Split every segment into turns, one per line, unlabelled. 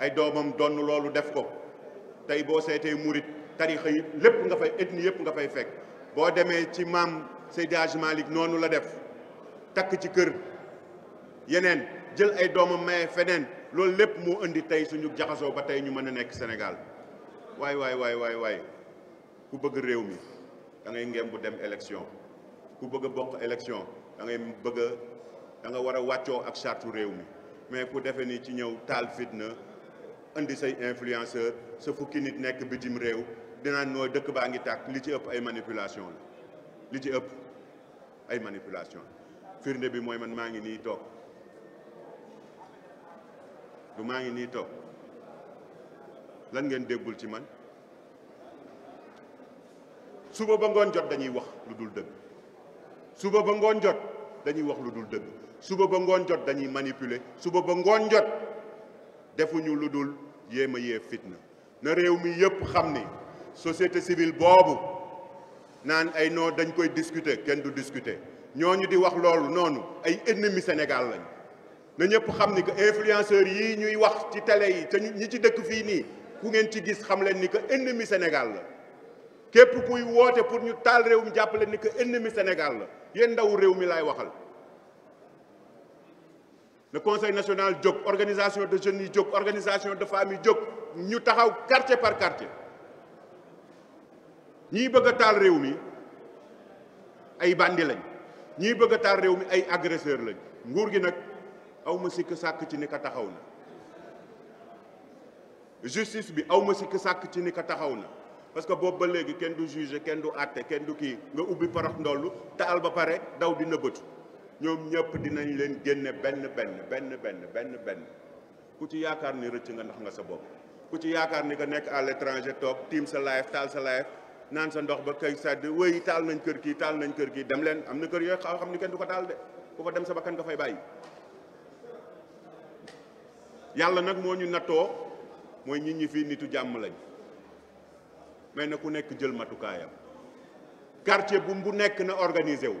ay doomam donn loolu def ko tey boo seetee murit tarixa yi lépp nga fay ethnie yëpp nga fay fekk boo demee ci maam Seydi Hadji Malick noonu la def takk ci kër yeneen jël ay doomam maye feneen loolu lépp moo indi tey suñu jaxasoo ba tey ñu mën a nekk Sénégal waaye waaye waaye waay waay ku bëgg réew mi da ngay ngem bu dem élection ku bëgg a bokk élection da ngay bëgg a da war a wàccoo ak chartu réew mi mais ku defee ni ci ñëw taal fitna indi say influenceur ce fukki nit nekk bitim réew dinaan noo dëkk baa ngi tàkk li ci ëpp ay manipulation la li ci ëpp ay manipulation firnde bi mooy man maa ngi nii toog du maa ngi nii toog lan ngeen déggul ci man suba ba ngoon jot dañuy wax lu dul dëgg suba ba ngoon jot dañuy wax lu dul suba ba ngoon jot dañuy manipuler suba ba ngoon jot defuñu lu dul yéem a yee fitna na réew mi yëpp xam ni société civile boobu naan ay noo dañ koy discuter kenn du discuter ñu di wax loolu noonu ay ennemi Sénégal lañ na ñëpp xam ni que influenceurs yii ñuy wax ci télé yi te ñi ci dëkk fii nii ku ngeen ci gis xam leen ni que ennemi Sénégal la képp kuy woote pour ñu taal réew mi jàpp leen ni que ennemi Sénégal la yéen ndaw réew mi laay waxal le conseil national jóg organisation de jeunes yi organisation de familles, yi ñu taxaw quartier par quartier ñii bëgg a taal réew mi ay bandi lañ ñii bëgg taal réew mi ay agresseur lañ nguur gi nag awma sikk sàkk ci ni ka taxaw na justice bi awma sikk sàkk ci ni ka taxaw na parce que boobu ba léegi kenn du juge kenn du àtte kenn du kii nga ubbi parax ndollu taal ba pare daw di nëbbatu ñoom ñëpp dinañ leen génne benn benn benn benn benn benn ku ci yaakaar ni rëcc nga ndax nga sa bopp ku ci yaakaar ni nga nekk à l'étranger toog tiim sa live taal sa live naan sa ndox ba kay sedd wéy taal nañ kër kii taal nañ kër kii dem leen am na kër yooyu xaw xam ni kenn du ko taal de ku fa dem sa bakkan nga fay bàyyi yàlla nag moo ñu nattoo mooy nit ñi fii nitu jàmm lañ mais na ku nekk jël matukaayam quartier bu mu nekk na organisé wu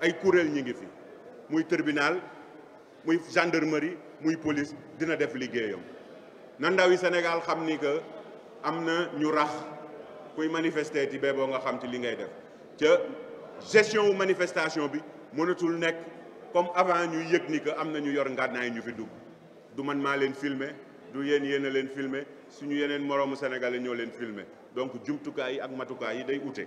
ay kuréel ñi ngi fi muy tribunal muy gendarmerie muy police dina def liggéeyam na ndaw yi Sénégal xam ni que am na ñu rax kuy manifester ti bee boo nga xam ci li ngay def ca gestion wu manifestation bi mënatul nekk comme avant ñuy yëg ni que am na ñu yor ngànnaay ñu fi dugg du man maa leen filmer du yéen yéen a leen filmer suñu yeneen moroomu sénégalais ñoo leen filmer donc jumtukaay yi ak matukaay yi day ute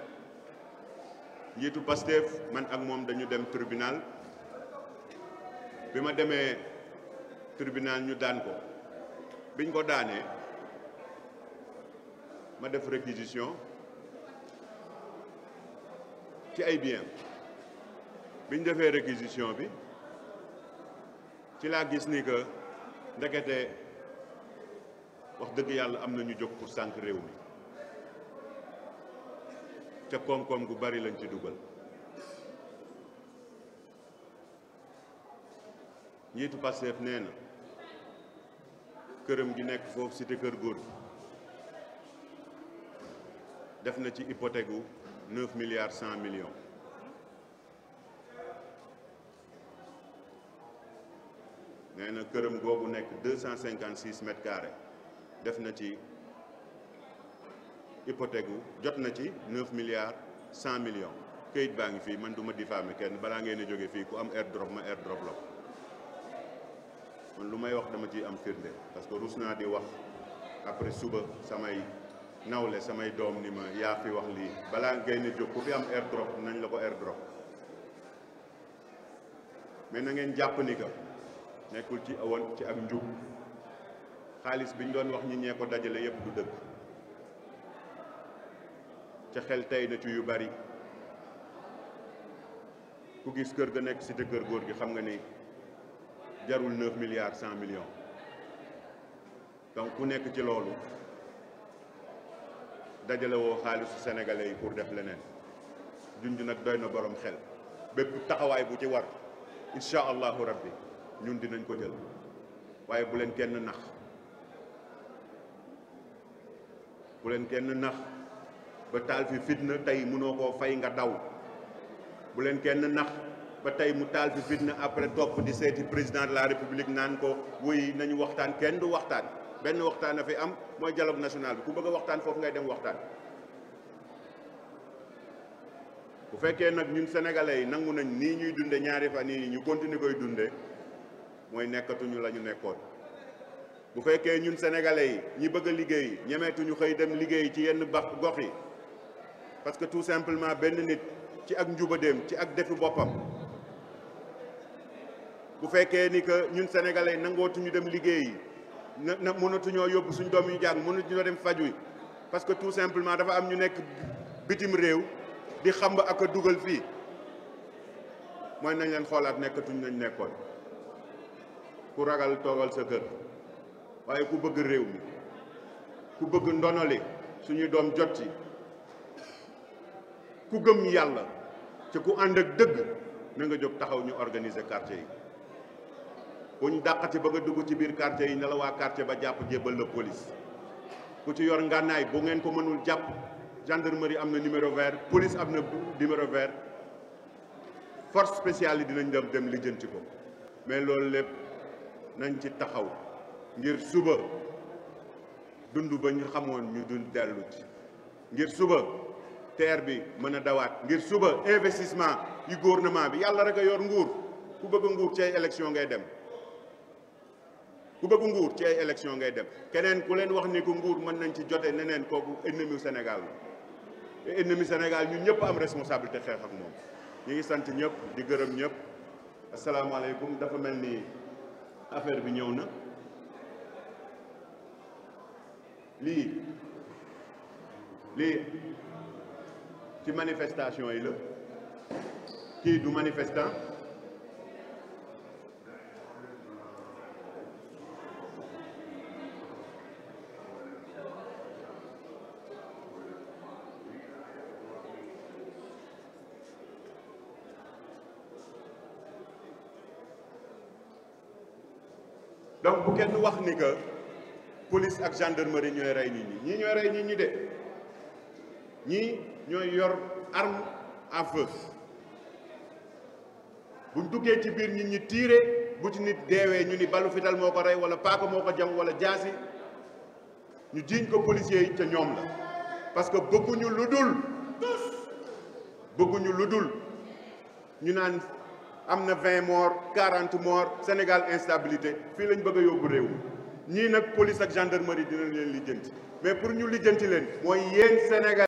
njiitu Pastef man ak moom dañu dem tribunal bi ma demee tribunal ñu daan ko biñ ko daanee ma def réquisition ci ay bien biñ defee réquisition bi ci laa gis ni que ndekete wax dëgg yàlla am na ñu jóg pour sànq réew mi ca koom-koom gu bari lañ ci dugal njiitu Pastef nee na këram gi nekk foofu ci te kër góor def na ci hypothèque gu 9 milliards 100 millions nee na këram googu nekk 256 mètres carrés def na ci hypothèque wu jot na ci 9 milliards cent million kayit baa ngi fii man du ma diffamer kenn balaa ngeen a jóge fii ku am airdrop ma airdrop la man lu may wax dama ciy am firnde parce que ruus naa di wax après suba samay nawle samay doom ni ma yaa fi wax lii balaa ngeen a jóg ku fi am airdrop nañ la ko airdrop mais na ngeen jàpp ni que nekkul ci awoon ci ak njub xaalis bi ñu doon wax ñi ñee ko dajale yëpp du dëkk ca xel tey na ci yu bari ku gis kër ga nekk cité kër góor gi xam nga ni jarul 9 milliards 100 millions donc ku nekk ci loolu dajale woo xaalisu sénégalais yi pour def leneen jun junj nag doy na boroom xel bépp taxawaay bu ci war incha allahu rabbi ñun dinañ ko jël waaye bu leen kenn nax bu leen kenn nax. ba taal fi fitna tey mënoo koo fay nga daw bu leen kenn nax ba tey mu taal fi fitna après topp di seeti président de la république naan ko wuy nañu waxtaan kenn du waxtaan benn waxtaan a fi am mooy dialogue national bi ku bëgg waxtaan foofu ngay dem waxtaan bu fekkee nag ñun sénégalais yi nangu nañ nii ñuy dunde ñaari fan yii ñu continuer koy dunde mooy nekkatuñu la ñu nekkoon bu fekkee ñun sénégalais yi ñi bëgg a liggéey ñemeetuñu xëy dem liggéey ci yenn bax gox yi parce que tout simplement benn nit ci ak njubadeem ci ak defi boppam bu fekkee ni que ñun sénégalais nangootuñu dem liggéeyi na na mënatuñoo yóbbu suñ doom yu jàng mënatuñoo dem faju parce que tout simplement dafa am ñu nekk bitim réew di xamb ak a dugal fii mooy nañ leen xoolaat nekkatuñ nañ nekkoon ku ragal toogal sa kër waaye ku bëgg réew mi ku bëgg ndonoli suñuy doom jot ci ku gëm yàlla ci ku ànd ak dëgg na nga jóg taxaw ñu organiser quartier yi kuñ dàqati ba nga dugg ci biir quartier yi ne la waa quartier ba jàpp jébbal la police ku ci yor ngànnaay bu ngeen ko mënul jàpp gendarmerie am na numéro vert police am na numéro vert force spéciale yi dinañ dem dem lijjanti ko mais loolu lépp nañ ci taxaw ngir suba dund ba ñu xamoon ñu dund dellu ci ngir suba terre bi mën a dawaat ngir suba investissement yu gouvernement bi yàlla rek a yor nguur ku bëgg nguur ci ay élection ngay dem ku bëgg nguur ci ay élection ngay dem keneen ku leen wax ni ko nguur mën nañ ci jote neneen kooku ennemi Sénégal la ennemi Sénégal ñun ñëpp am responsabilité xeex ak moom ñu ngi sant ñëpp di gërëm ñëpp asalaamaaleykum dafa mel ni affaire bi ñëw na lii lii Ces manifestation est là. Qui est du manifestant? Donc, pour que nous que la police et la gendarmerie sont réunis, nous sommes réunis. Nous ñooy yor arme à bu buñ duggee ci biir nit ñi tiire bu ci nit deewee ñu ni balu fital moo ko rey wala paaka moo ko jam wala jaasi ñu jiiñ ko policiers yi ca ñoom la parce que bëgguñu lu dul bëgguñu lu dul ñu naan am na vingt morts quarante morts Sénégal instabilité fii lañ bëgg a yóbbu réew ñii nag police ak gendarmerie dina leen lijjanti mais pour ñu lijjanti mooy yéen Sénégal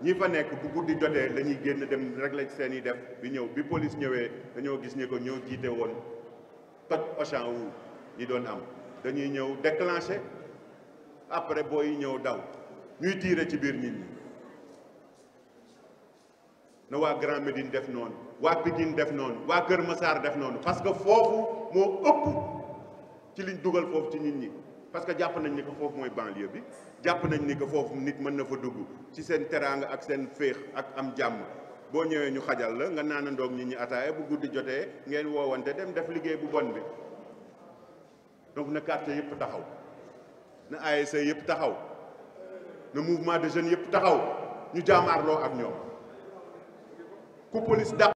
ñi fa nek bu guddi jotee la genn dem régler i def bi ñew bi police ñewé dañoo gis ñeko ñoo jiite won toj wu ñi doon am dañuy ñew déclenché après boy ñew daw ñuy tirer ci bir nit ñi na Grand Médine def non wa def Massar def parce que fofu mo ëpp ci liñ duggal nous. ci nit ñi parce que les nañ ni ko fofu moy banlieue jàpp nañ ni que foofu nit mën na fa dugg ci seen teraanga ak seen féex ak am jàmm boo ñëwee ñu xajal la nga naan naanandoog nit ñi ataaya bu guddi jotee ngeen woowante dem def liggéey bu bon bi donc na quartier yëpp taxaw na ASC yëpp taxaw na mouvement de jeunes yëpp taxaw ñu jaamaarloo ak ñoom ku police dàq